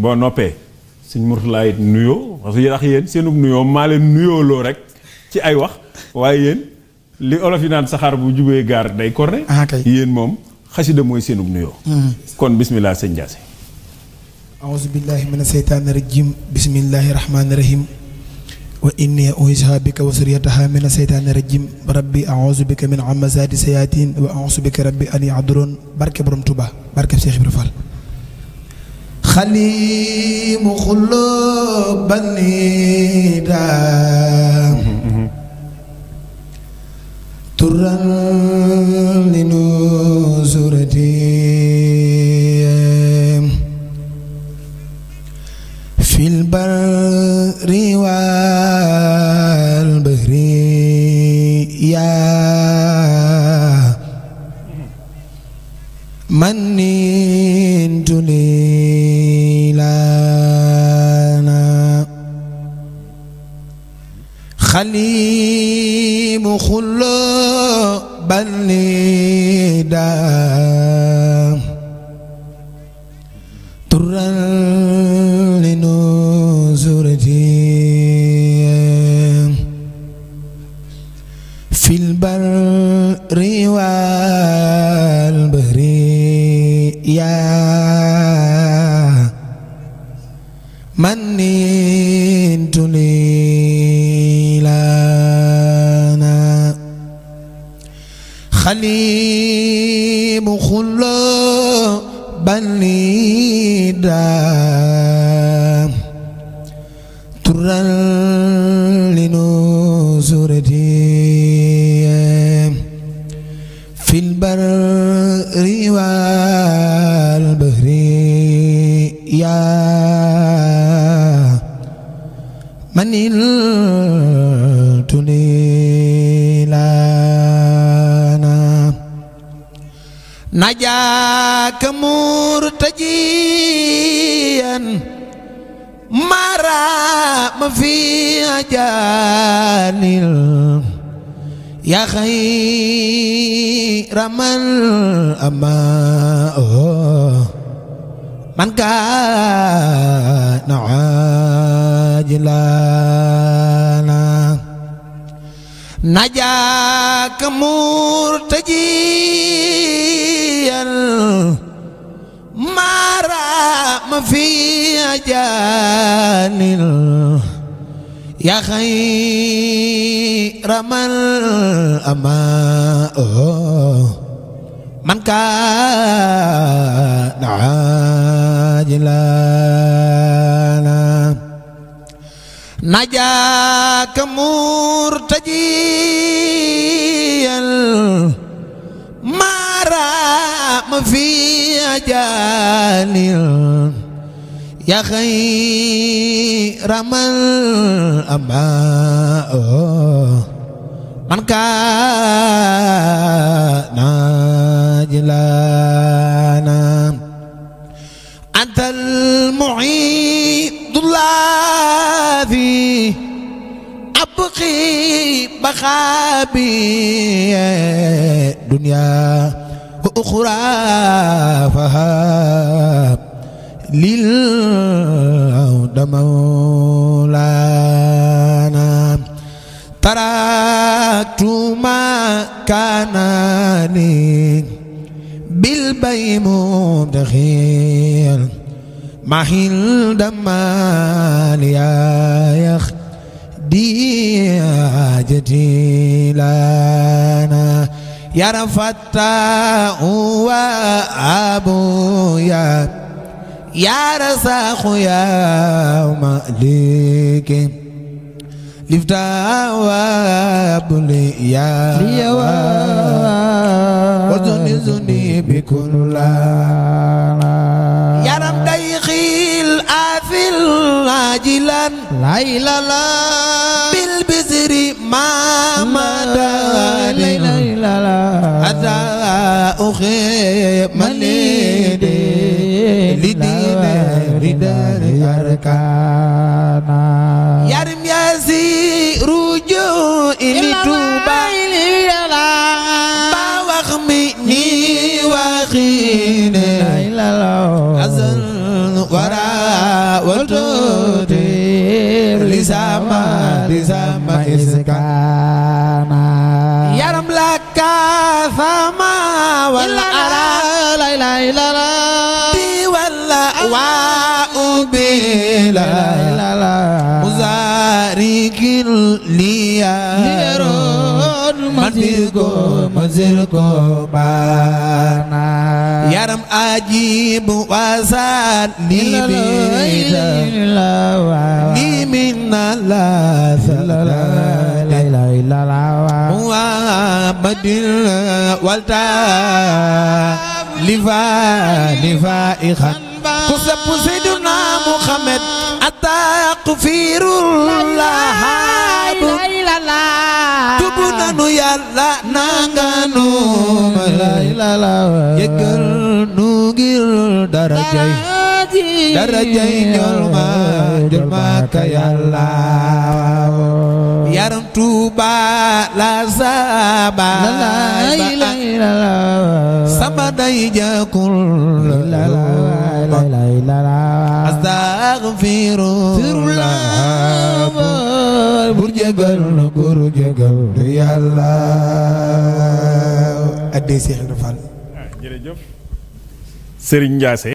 boo noppee seigne Mourtala nuyo parce que yéen yéen seenub nuyoo maa nuyo lo rek ci ay wax waye yéen li olof yi naan saxaar bu jubee gar day corné yéen mom khassida moy seenub nuyo kon bismillah seigne jassé أعوذ بالله من الشيطان الرجيم بسم الله الرحمن الرحيم وإني uhisaha بك وسريتها من الشيطان الرجيم ربي أعوذ بك من عمزات سياتين وأعوذ بك ربي أن يعذرون an yahduroon barke borom Tuba barke Cheikh خلي مخلوق خلوب بنيدا ترا لنزرتي في البر والبر حليم خلبا بلدا ترا لنزرتي في البر والبهر يا مني حليم خلابا لدا ترى لنزرتي في البر والبهر يا من التلي najak murtajian mara mafi ajanil ya khairamal ramal oh man ka na'ajilana najaaka murtajiyan maaraama fi ajaanil yaa xayra man amaa man kaana aajilaana najaaka murtajiyal maaraam fi ajaanil yaa xayra man amaa man kaana najlaa يقي بخابي دنيا وأخرى فها للعود مولانا تركت ما كان لي بالبي مدخيل ما هي دماليا جيلانا يا هو أبويا يا رساخ يا مالك لفتاح وابليا وزني زني بكل يا رب ديخيل آفل عاجلا لا إله li Tuuba ba wax mi nii waxiine azal wara waltoode li sama li sama iskaana yaram lak زل قربانا يا رب أجيب وزاد لي من الله لا الله محمد والتا لفا لفا إخان محمد أتاق فير الله لا إله إلا الله yóbbu nanu yàlla nanganu malayilala yëgal nu ngir darajay darajay ñol ma jël ma ka yàlla yaram tuuba la saaba day jàkkul la la la pour jógal du yàlla addee Seex Ibra Fall jërëjëf